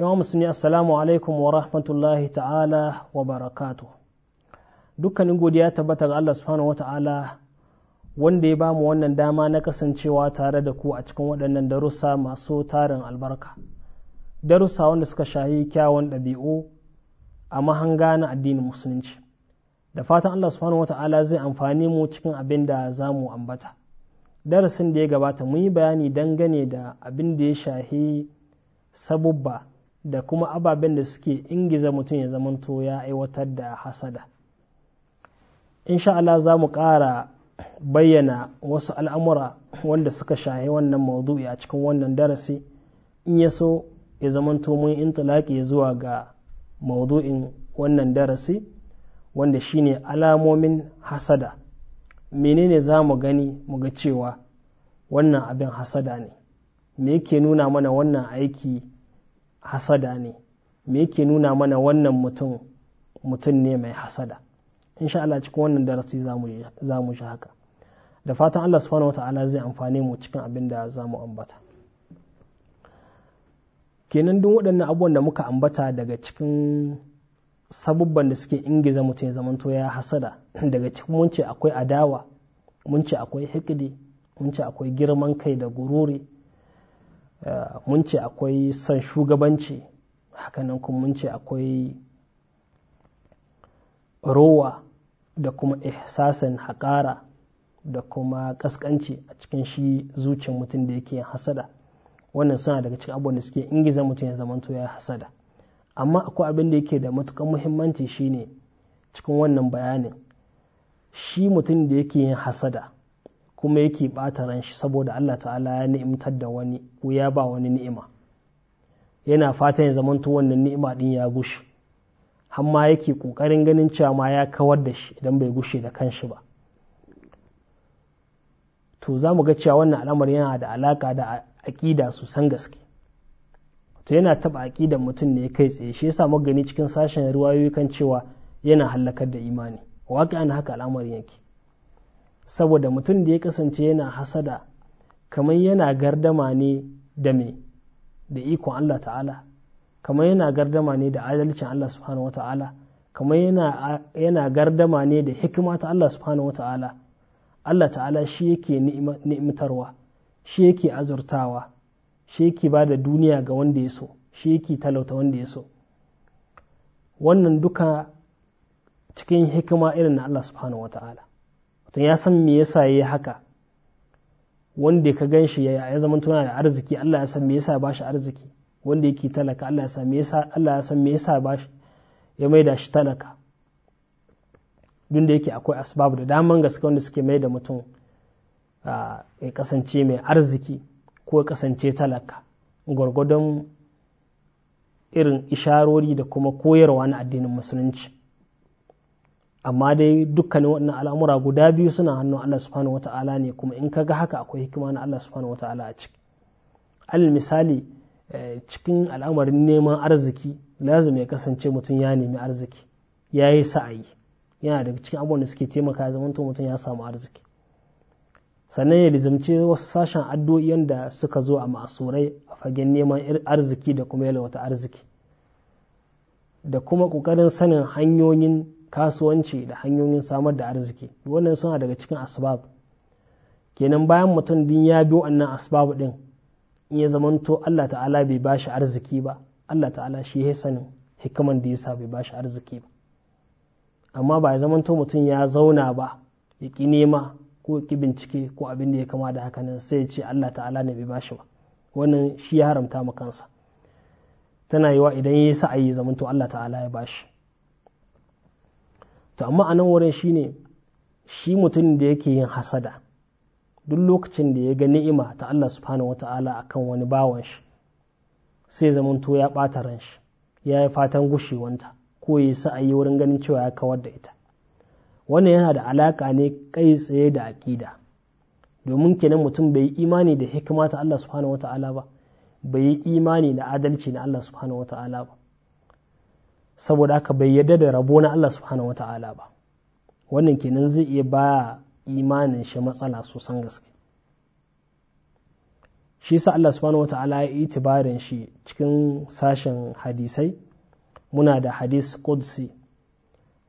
yawan musulmi assalamu alaikum wa rahmatullahi ta'ala wa barakatu dukkanin godiya tabbata ga Allah subhanahu wa ta'ala wanda ya bamu wannan dama na kasancewa tare da ku a cikin waɗannan darussa masu tarin albarka darussa wanda suka shahi kyawun ɗabi'u a mahanga na addinin musulunci da fatan Allah subhanahu wa ta'ala zai amfani mu cikin abin da za mu ambata darasin da ya gabata mun yi bayani dangane da abin da ya shahi sabubba da kuma ababen da suke ingiza mutum ya zamanto ya aiwatar da hasada insha Allah za mu ƙara bayyana wasu al'amura wanda suka shahi wannan maudu'i a cikin wannan darasi in ya so ya zamanto mun intilaƙi zuwa ga maudu'in wannan darasi wanda shine alamomin hasada menene za mu gani mu ga cewa wannan abin hasada ne me yake nuna mana wannan aiki hasada ne me yake nuna mana wannan mutum mutum ne mai hasada insha Allah cikin wannan darasi za mu shi haka da fatan Allah subhanahu wa ta'ala zai amfane mu cikin abin da za mu ambata kenan duk waɗannan abubuwan da muka ambata daga cikin sabubban da suke ingiza mutum ya zamanto ya hasada daga cikin mun ce akwai adawa mun ce akwai hikidi mun ce akwai girman kai da gururi mun ce akwai son shugabanci hakanan kuma mun ce akwai rowa da kuma ihsasin haƙara da kuma ƙasƙanci a cikin shi zuciyar mutum da yake hasada wannan suna daga cikin abubuwan da suke ingiza mutum ya zamanto ya hasada amma akwai abin da yake da matukan muhimmanci shine cikin wannan bayanin shi mutum da yake yin hasada kuma yake ɓata ran shi saboda Allah ta'ala ya ni'imtar da wani ko ya ba wani ni'ima yana fatan ya zamanto wannan ni'ima din ya gushe hamma yake ƙoƙarin ganin cewa ma ya kawar da shi idan bai gushe da kanshi ba to za mu ga cewa wannan al'amari yana da alaƙa da aƙida sosan gaske to yana taɓa aƙidan mutum ne kai tsaye shi yasa magani cikin sashen ruwayoyi kan cewa yana hallakar da imani waƙi an haka al'amarin yake saboda mutum da ya kasance yana hasada kamar yana gardama ne da me da ikon Allah ta'ala kamar yana gardama ne da adalcin Allah subhanahu wa ta'ala kamar yana gardama ne da hikima ta Allah subhanahu wa ta'ala Allah ta'ala shi yake ni'imtarwa shi yake azurtawa shi yake ba da duniya ga wanda ya so shi yake talauta wanda ya so wannan duka cikin hikima irin na Allah subhanahu wa ta'ala mutum ya san me yasa ya yi haka wanda ka gan shi ya zama tuna da arziki Allah ya san me yasa ba shi arziki wanda yake talaka Allah ya san me yasa Allah ya san me yasa ba shi ya maida shi talaka duk yake akwai asbab da daman gaske wanda suke da mutum ya kasance mai arziki ko ya kasance talaka gwargwadon irin isharori da kuma koyarwa na addinin musulunci amma dai dukkanin waɗannan al'amura guda biyu suna hannun Allah subhanahu wata'ala ne kuma in ka ga haka akwai hikima na Allah subhanahu wata'ala a ciki al misali eh, cikin al'amarin neman arziki lazim ya kasance mutum ya nemi arziki ya yi sa'ayi yana daga cikin abubuwan da suke taimaka ya zamanto mutum ya samu arziki sannan ya lizamci wasu sashen addu'o'i yadda suka zo a masurai a fagen neman arziki da kuma yalwata arziki da kuma ƙoƙarin sanin hanyoyin kasuwanci da hanyoyin samar da arziki wannan suna daga cikin asbab kenan bayan mutum din ya biyo wannan asbab din in ya zamanto Allah ta'ala bai bashi arziki ba Allah ta'ala shi ya sanin hikiman da yasa bai bashi arziki ba amma ba ya zamanto mutum ya zauna ba ya ki nema ko ki bincike ko abin da ya kama da haka nan sai ya ce Allah ta'ala ne bai bashi ba wannan shi ya haramta ma kansa tana yiwa idan ya yi sa'ayi zamanto Allah ta'ala ya bashi to amma a nan wurin ne shi mutum da yake yin hasada duk lokacin da ya ga ni'ima ta Allah subhanahu wata'ala a kan wani bawan shi sai zamanto ya ɓata ran shi ya yi fatan gushewanta ko ya sa a yi wurin ganin cewa ya kawar da ita wannan yana da alaka ne kai tsaye da aƙida domin kenan mutum bai yi imani da hikima ta Allah subhanahu wata'ala ba bai yi imani da adalci na Allah subhanahu wata'ala ba saboda aka bai yarda da rabo na Allah subhanahu wata'ala ba wannan kenan zai iya ba imanin shi matsala sosan gaske shi sa Allah subhanahu wata'ala ya itibarin shi cikin sashen hadisai muna da hadis qudsi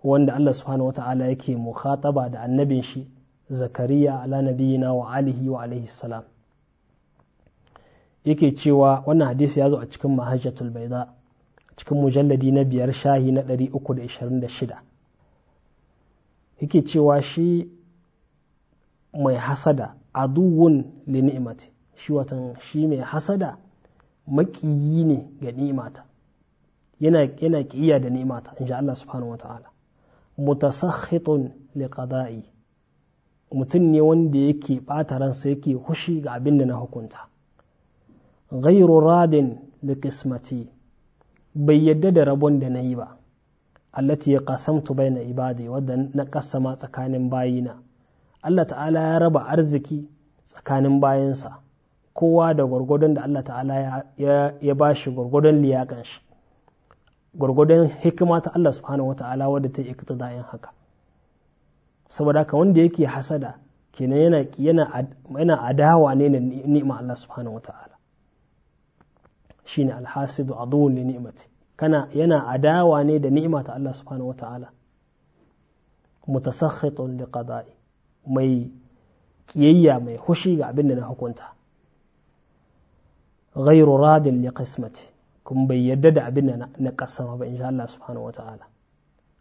wanda Allah subhanahu wata'ala yake mukhataba da annabin shi zakariya ala nabiyina wa alihi wa alaihi salam yake cewa wannan hadisi ya zo a cikin mahajjatul baida cikin mujalladi na biyar shahi na ɗari da 326 yake cewa shi mai hasada aduwun li shi watan shi mai hasada maƙiyi ne ga ni'imata yana ƙiya da ni'imata insha Allah subhanahu Ta'ala. mutasakhitun li mutum ne wanda yake ɓata ransa yake hushi ga abin da na hukunta ghayru radin liqismati bai yadda da rabon da na yi ba allati ya kasamtu bai na ibadi wadda na kasama tsakanin bayina Allah ta'ala ya raba arziki tsakanin bayansa kowa da gwargwadon da Allah ta'ala ya ba shi gwargwadon liyakan shi gwargwadon hikima ta Allah subhanahu wa ta'ala wadda ta yin haka saboda ka wanda yake hasada kenan yana yana adawa ne na ni'ima Allah subhanahu wa ta'ala shine alhasidu aduwwun li ni'mati kana yana adawa ne da ni'ima ta Allah subhanahu wata'ala mutasakhitun li qada'i mai kiyayya mai hushi ga abin da na hukunta ghairu radin li qismati kuma bai yarda da abin da na kasama ba insha Allah subhanahu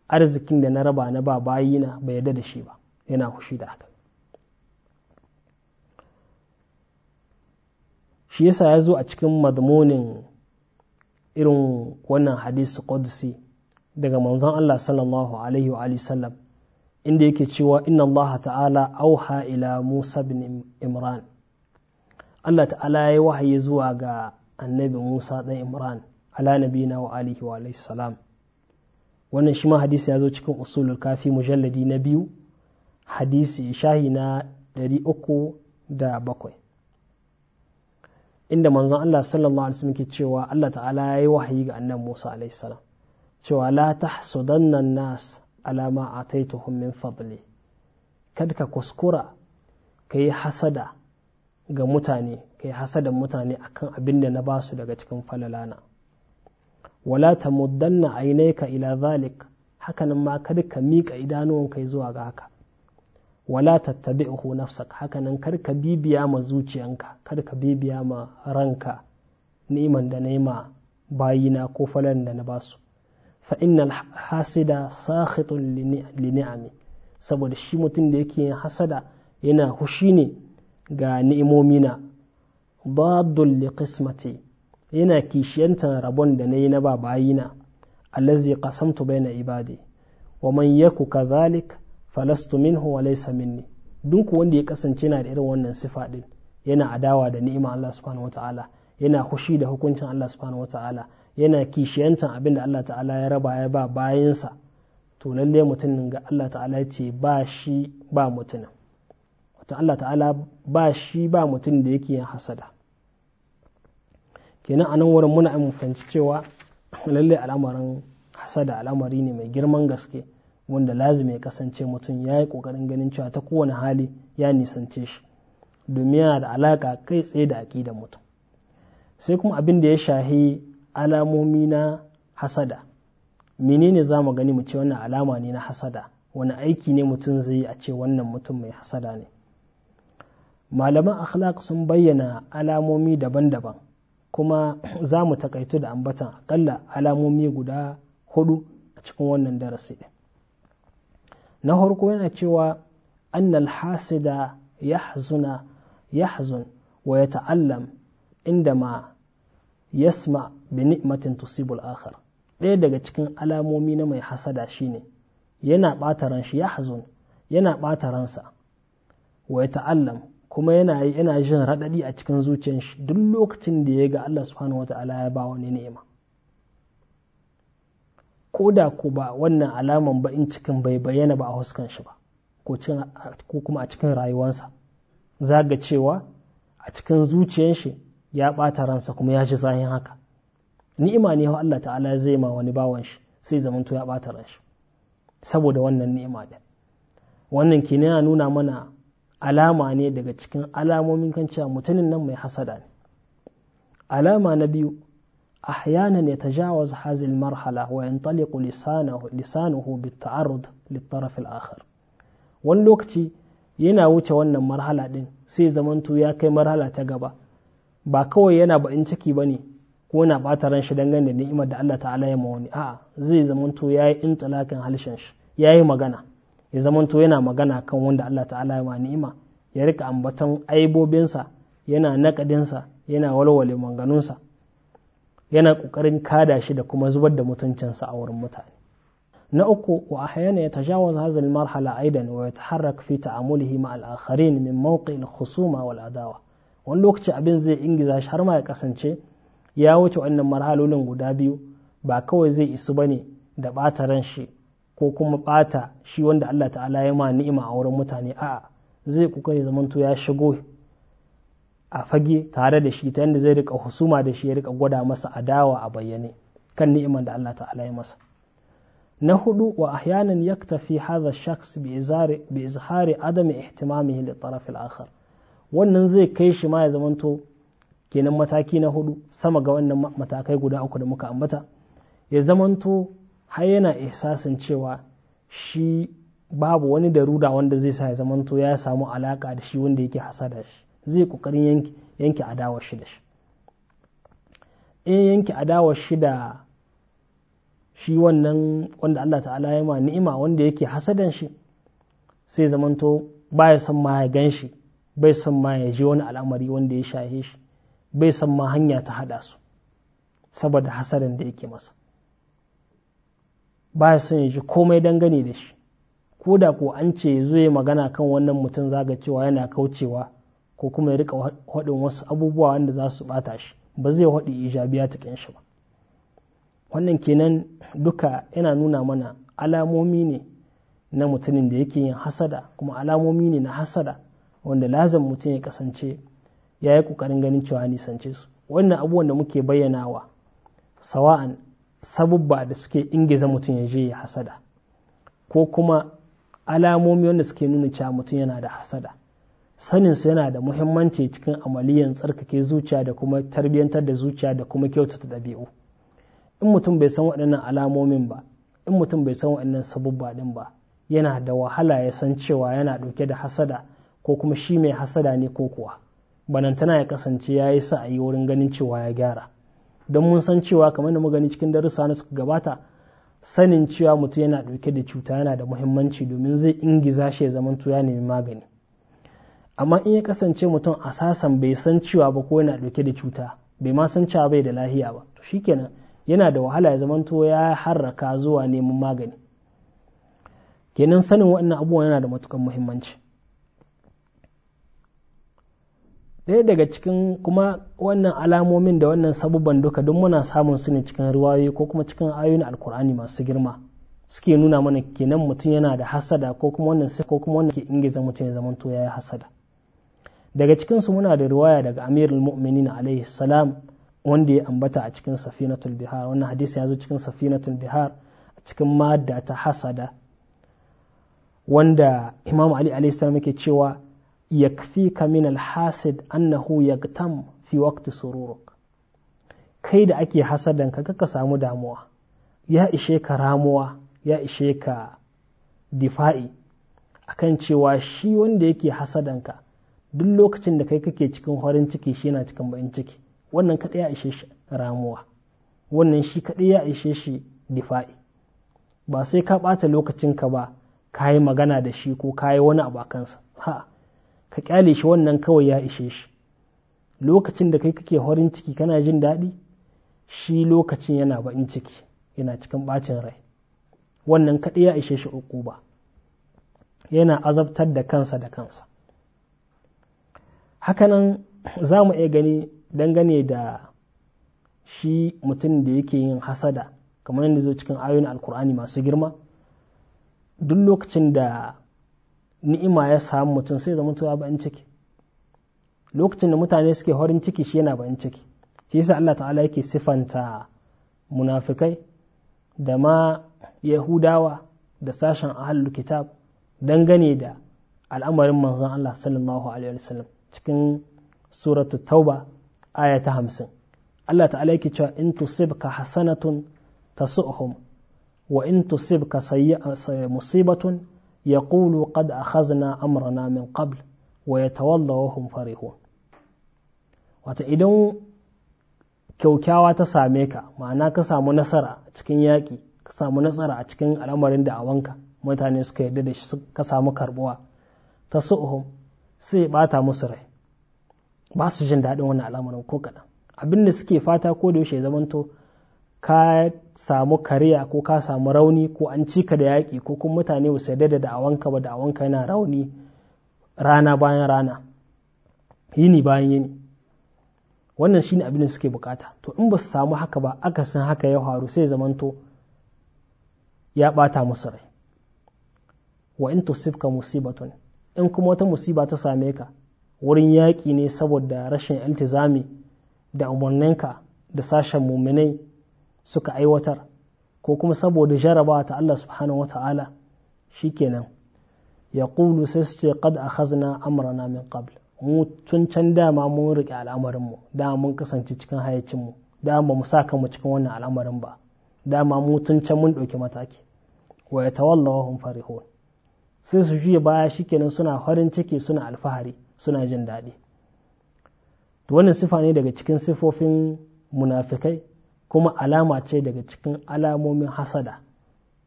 arzikin da na raba na ba bayina bai yarda da shi ba yana hushi da haka shi yasa ya zo a cikin madmunin irin wannan hadisi qudsi daga manzon Allah sallallahu alaihi wa sallam inda yake cewa inna Allah ta'ala auha ila Musa bin Imran Allah ta'ala ya yi wahayi zuwa ga annabi Musa dan Imran ala nabina wa alihi wa salam wannan shi ma hadisi ya zo cikin usulul kafi mujalladi na biyu hadisi shahi na 307 inda manzon Allah sallallahu alaihi wasallam ke cewa Allah ta'ala ya yi wahayi ga annabi Musa alaihi salam cewa la tahsudanna nas ala ma ataituhum min fadli kada ka kuskura kai hasada ga mutane kai hasadan mutane akan abin da na basu daga cikin falalana wala tamuddanna ainaka ila zalik hakanan ma kada ka mika idanuwanka zuwa ga haka wala tattabi'uhu nafsak hakanan kar ka bibiya ma zuciyanka kar ka bibiya ma ranka ni'iman da na ma bayina ko falan da na basu fa innal hasida sakhitun li ni'ami saboda shi mutum da yake yin hasada yana hushi ne ga ni'imomina baddul li qismati yana kishiyanta rabon da na yi na babayina allazi qasamtu baina ibadi wa man yaku kazalik falastu minhu wa laysa minni duk wanda ya kasance yana da irin wannan sifa din yana adawa da ni'ima Allah subhanahu wataala yana hushi da hukuncin Allah subhanahu wataala yana kishiyantan abin da Allah ta'ala ya raba ya ba bayansa to lalle mutumin ga Allah ta'ala ya ce ba shi ba mutumin Allah ta'ala ba shi ba mutum da yake yin hasada kenan a nan wurin muna fahimci cewa lalle al'amarin hasada al'amari ne mai girman gaske wanda lazim ya kasance mutum ya yi ƙoƙarin ganin cewa ta kowane hali ya nisance shi domin yana da alaƙa kai tsaye da aƙidar mutum sai kuma abin da ya shahi alamomi na hasada menene za mu gani mu ce wannan alama ne na hasada wani aiki ne mutum zai yi a ce wannan mutum mai hasada ne malaman akhlaq sun bayyana alamomi daban-daban kuma za mu takaitu da ambatan akalla alamomi guda hudu a cikin wannan darasi ɗin na harko yana cewa annal hasida ya hazun wa ta'allam inda ma yasma bi ni'matin tusibul akhar ɗaya daga cikin alamomi na mai hasada shine yana ɓata ran shi hazun yana ɓata ransa wa ta'allam kuma yana yana jin raɗaɗi a cikin zuciyar shi duk lokacin da ya ga Allah subhanahu ta'ala ya ba wani ni'ima ko da ko ba wannan alaman in cikin bai bayyana ba a huskan shi ba ko kuma a cikin rayuwansa ga cewa a cikin zuciyan shi ya ɓata ransa kuma ya shi zahin haka ni'ima ne Allah ta'ala zai ma wani bawan shi sai zamanto ya ɓata ran saboda wannan ni'ima din wannan ke yana nuna mana alama ne daga cikin alamomin kan cewa mutumin nan mai hasada ne alama na biyu أحيانا يتجاوز هذه المرحلة وينطلق لسانه, لسانه بالتعرض للطرف الآخر wani lokaci yana wuce wannan marhala ɗin sai zamanto ya kai marhala ta gaba ba kawai yana baƙin ciki ba ne ko na ɓata ran shi dangane da ni'imar da Allah ta'ala ya mawani a'a zai zamanto ya yi intilakin halshen shi ya yi magana ya zamanto yana magana kan wanda Allah ta'ala ya ma ni'ima ya rika ambaton aibobinsa yana nakadinsa yana walwale manganunsa yana kokarin kada shi da kuma zubar da mutuncinsa a wurin mutane na uku wa ahyana yatajawaz hadhihi almarhala aidan wa yataharrak fi ta'amulihi ma al min mawqi khusuma wal adawa wani lokaci abin zai ingiza shi har ma ya kasance ya wuce wannan marhalolin guda biyu ba kawai zai isu bane da ɓata ran shi ko kuma ɓata shi wanda Allah ta'ala ya ma ni'ima a wurin mutane a'a zai kokari zamanto ya shigo a fage tare da shi ta yadda zai rika husuma da shi ya rika gwada masa adawa a bayyane kan ni'imar da Allah ta'ala ya masa na hudu wa ahyanan yaktafi hadha shakhs bi izhari adam ihtimamihi li taraf al-akhar wannan zai kai shi ma ya zamanto kenan mataki na hudu sama ga wannan matakai guda uku da muka ambata ya zamanto har yana ihsasin cewa shi babu wani daruda wanda zai sa ya zamanto ya samu alaka da shi wanda yake hasada shi zai kokarin yanke adawar shi da shi in yanke adawa shi da shi wannan wanda Allah ta'ala ya ma ni'ima wanda yake hasadan shi sai zamanto baya son ma ya gan shi bai son ma ya ji wani al'amari wanda ya shahe shi bai son ma hanya ta hada su saboda hasadan da yake masa ya son ya ji komai dangane da shi ko da ko an ce zo ya magana kan wannan mutum zaga cewa yana kaucewa ko kuma ya rika haɗin wasu abubuwa wanda za su ɓata shi ba zai haɗi ijabiya ta shi ba wannan kenan duka yana nuna mana alamomi ne na mutumin da yake yin hasada kuma alamomi ne na hasada wanda lazan mutum ya kasance ya yi ƙoƙarin ganin cewa nisance su wannan abubuwan da muke bayyanawa sawa'an sabubba da suke ingiza mutum ya je ya hasada ko kuma alamomi wanda suke nuna cewa mutum yana da hasada sanin saninsu yana da muhimmanci cikin amaliyan tsarkake zuciya da kuma tarbiyyantar da zuciya da kuma kyautata ɗabi'u in mutum bai san waɗannan alamomin ba in mutum bai san waɗannan sabubba ɗin ba yana da wahala ya san cewa yana ɗauke da hasada ko kuma shi mai hasada ne ko kuwa banantana ya kasance ya yi sa a yi wurin ganin cewa ya gyara don mun san cewa kamar da mu gani cikin darussa na suka gabata sanin cewa mutum yana ɗauke da cuta yana da muhimmanci domin zai ingiza shi ya zamanto ya nemi magani amma in ya kasance mutum a sasan bai san cewa ba ko yana dauke da cuta bai ma san cewa bai da lahiya ba to shikenan yana da wahala ya zamanto ya harraka zuwa neman magani kenan sanin waɗannan abubuwan yana da matukan muhimmanci ɗaya daga cikin kuma wannan alamomin da wannan sabubban duka duk muna samun su ne cikin ruwayoyi ko kuma cikin ayoyin alkur'ani masu girma suke nuna mana kenan mutum yana da hasada ko kuma wannan sai ko kuma wannan ke ingiza mutum ya zamanto ya yi hasada daga cikinsu muna da riwaya daga amir al-mu'minin alaihi salam wanda ya ambata a cikin safinatul bihar wannan hadisi ya zo cikin safinatul bihar a cikin madda ta hasada wanda imam ali alaihi salam yake cewa ka min al-hasid annahu yaktam fi waqti sururuk kai da ake hasadan ka kaka samu damuwa ya ishe ka ramuwa ya ishe ka difa'i akan cewa shi wanda yake hasadan ka duk lokacin da kai kake cikin farin ciki shi yana cikin ba'in ciki wannan kaɗai ya ishe shi ramuwa wannan shi kaɗai ya ishe shi difa'i ba sai ka ɓata lokacinka ba ka yi magana da shi ko ka yi wani abu kansa ha ka kyale shi wannan kawai ya ishe shi lokacin da kai kake farin ciki kana jin daɗi shi lokacin yana ba'in ciki yana cikin ɓacin rai wannan kaɗai ya ishe shi uku ba yana azabtar da kansa da kansa hakanan za mu iya gani dangane da shi mutum da yake yin hasada kamar yadda zo cikin ayoyin alkur'ani masu girma duk lokacin da ni'ima ya samu mutum sai zama tuwa ba'in ciki lokacin da mutane suke horin ciki shi yana ba'in ciki shi yasa Allah ta'ala yake sifanta munafikai da ma yahudawa da sashen ahalul kitab dangane da al'amarin manzon Allah sallallahu alaihi wasallam cikin suratu tauba aya ta hamsin Allah ta'ala yake cewa in tusibka hasanatun tasu'hum wa in tusibka musibatun yaqulu qad akhazna amrana min qabl wa yatawallaw hum farihun wata idan kyaukyawa ta same ka ma'ana ka samu nasara cikin yaƙi ka samu nasara a cikin al'amarin da wanka mutane suka yarda da shi ka samu karbuwa ta sai bata musu rai ba su jin daɗin wannan al'amarin ko kaɗan abin da suke fata ko da yaushe ya zamanto ka samu kariya ko ka samu rauni ko an cika da yaƙi ko kuma mutane ba su yarda da da'awanka ba da'awanka yana rauni rana bayan rana yini bayan yini wannan shine abin da suke bukata to in ba su samu haka ba aka san haka ya faru sai zamanto ya bata musu rai wa in tusibka musibatun in kuma wata musiba ta same ka wurin yaƙi ne saboda rashin iltizami da umarninka da sashen muminai suka aiwatar ko kuma saboda jaraba ta Allah subhanahu wa ta'ala shi kenan ya ƙulu sai su ce kad a hazna amrana min qabl mu tun can dama mun riƙe al'amarinmu dama mun kasance cikin hayacinmu dama ba mu sa kanmu cikin wannan al'amarin ba dama mu tun can mun ɗauki mataki wa ya tawallawa hun farihun sai su juya baya kenan suna farin ciki suna alfahari suna jin daɗi to wannan sifa ne daga cikin sifofin munafikai kuma alama ce daga cikin alamomin hasada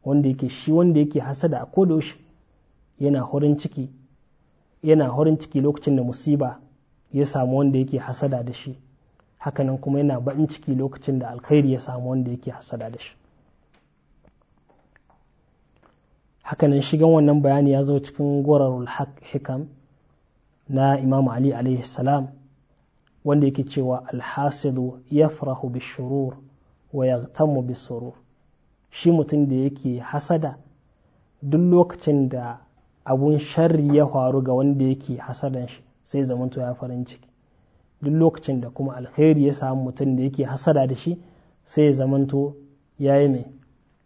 wanda yake shi wanda yake hasada a kodayaushe yana farin ciki yana horin ciki lokacin da musiba ya samu wanda yake hasada da shi hakanan kuma yana baƙin ciki lokacin da alkhairi ya samu wanda yake hasada da shi hakanan shigan wannan bayani ya zo cikin gwararul hikam na imamu ali alaihi salam wanda yake cewa alhasidu ya farahu shurur wa ya surur shi mutum da yake hasada duk lokacin da abun sharri ya faru ga wanda yake hasadan shi sai zamanto ya farin ciki duk lokacin da kuma alkhairi ya samu mutum da yake hasada da shi sai zamanto ya yi mai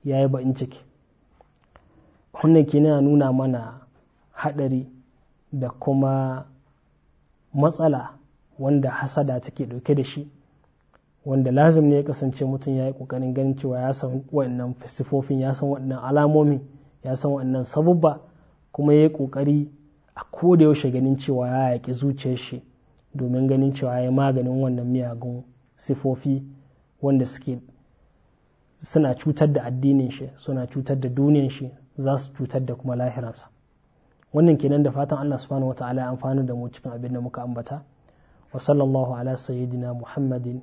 ya yi ba'in ciki wannan ke nuna mana haɗari da kuma matsala wanda hasada take ɗauke da shi wanda lazim ne ya kasance mutum ya yi ƙoƙarin ganin cewa ya san waɗannan sifofin ya san waɗannan alamomi ya san waɗannan sabubba kuma ya yi ƙoƙari a kodayaushe yaushe ganin cewa ya yaƙi zuciyar shi domin ganin cewa ya yi maganin wannan miyagun sifofi wanda suke suna cutar da addinin shi suna cutar da duniyan shi za su cutar da kuma lahiransa wannan kenan da fatan Allah subhanahu wataala ya amfana da mu cikin abin da muka ambata wa sallallahu ala sayyidina muhammadin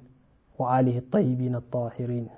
wa alihi at-tayyibin at-tahirin